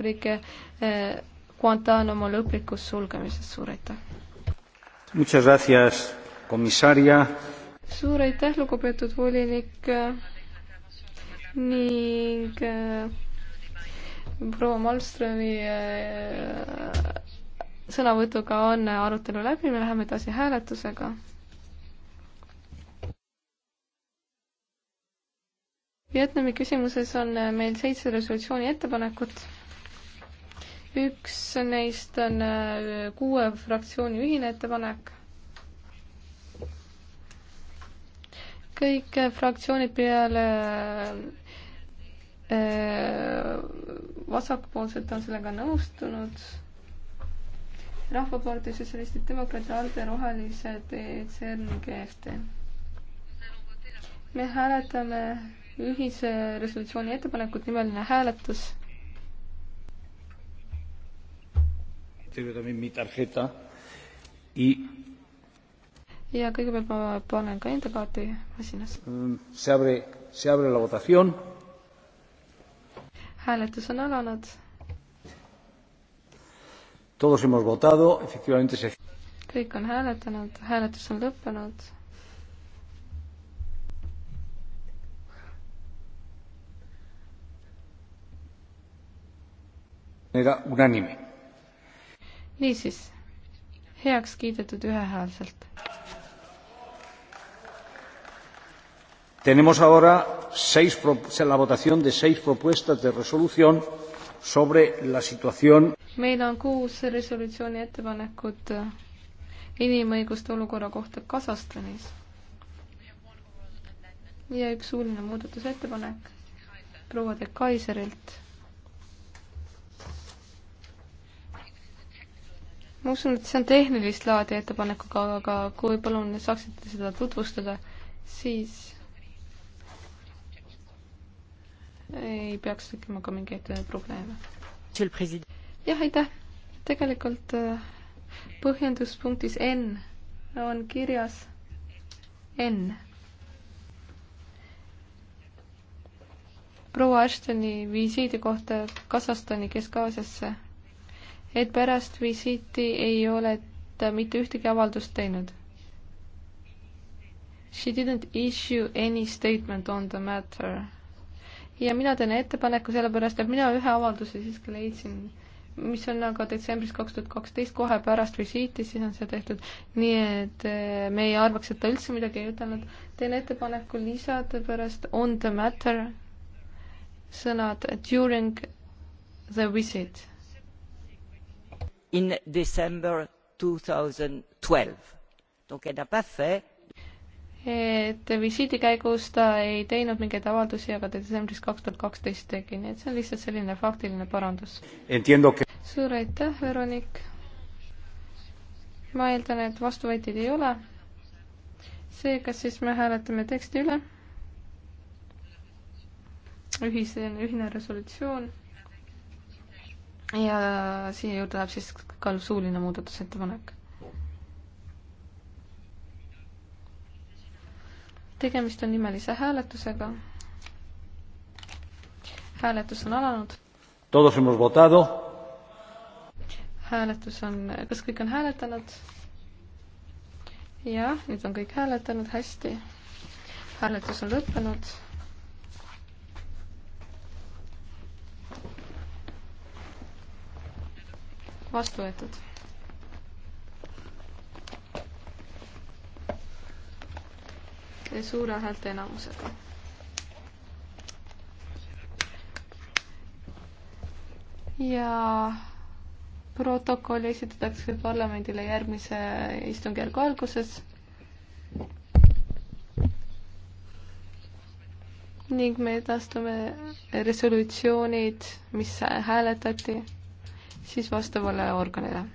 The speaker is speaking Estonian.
riike eh, Guantánamo lõplikust sulgemisest, suur aitäh! suur aitäh, lugupeetud volinik eh, ning eh, proua Malmströmi sõnavõtuga on arutelu läbi, me läheme edasi hääletusega. Vietnami küsimuses on meil seitse resolutsiooni ettepanekut üks neist on äh, kuue fraktsiooni ühine ettepanek. kõik äh, fraktsioonid peale äh, vasakpoolsed on sellega nõustunud. rahvapartei Sotsialistid, Demokraatia, ALDE, Rohelised, ECR ning EFT. me hääletame ühise resolutsiooni ettepanekut, nimeline hääletus ja kõigepealt ma panen ka enda kaardi masinasse. Mm, hääletus on alanud. kõik on hääletanud, hääletus on lõppenud. era unánime niisiis, heaks kiidetud ühehäälselt. Tenemos ahora seis, la votación de seis propuestas de resolución sobre la situación. meil on kuus resolutsiooni ettepanekut inimõiguste olukorra kohta Kasahstanis ja üks suuline muudatusettepanek proua de Kaiserilt ma usun, et see on tehnilist laadi ettepanekuga, aga kui palun saaksite seda tutvustada, siis ei peaks tekkima ka mingeid äh, probleeme. jah, aitäh. tegelikult äh, põhjenduspunktis N on kirjas N. proua Ashtoni visiidi kohta Kasahstani Kesk-Aasiasse et pärast visiiti ei ole ta mitte ühtegi avaldust teinud. She didn't issue any statement on the matter. ja mina teen ettepaneku sellepärast, et mina ühe avalduse siiski leidsin, mis on aga detsembris kaks tuhat kaksteist, kohe pärast visiiti, siis on see tehtud. nii et eh, me ei arvaks, et ta üldse midagi ei ütelnud. teen ettepaneku lisada pärast on the matter sõnad during the visit in December 2012. Donc elle n'a pas fait et visiidi käigus ta ei teinud mingeid avaldusi, aga ta detsembris kaks tuhat kaksteist tegi, nii et see on lihtsalt selline faktiline parandus. Que... suur aitäh, Veronik. ma eeldan, et vastuvõtjaid ei ole. seega siis me hääletame teksti üle. ühise, ühine resolutsioon ja siia juurde läheb siis ka suuline muudatusettepanek. tegemist on nimelise hääletusega. hääletus on alanud. Todos hemos votado. hääletus on, kas kõik on hääletanud? jah, nüüd on kõik hääletanud, hästi. hääletus on lõppenud vastu võetud. suure häälte enamusega. ja protokolli esitatakse parlamendile järgmise istungjärgu alguses. ning me edastame resolutsioonid, mis hääletati siis vastavale organile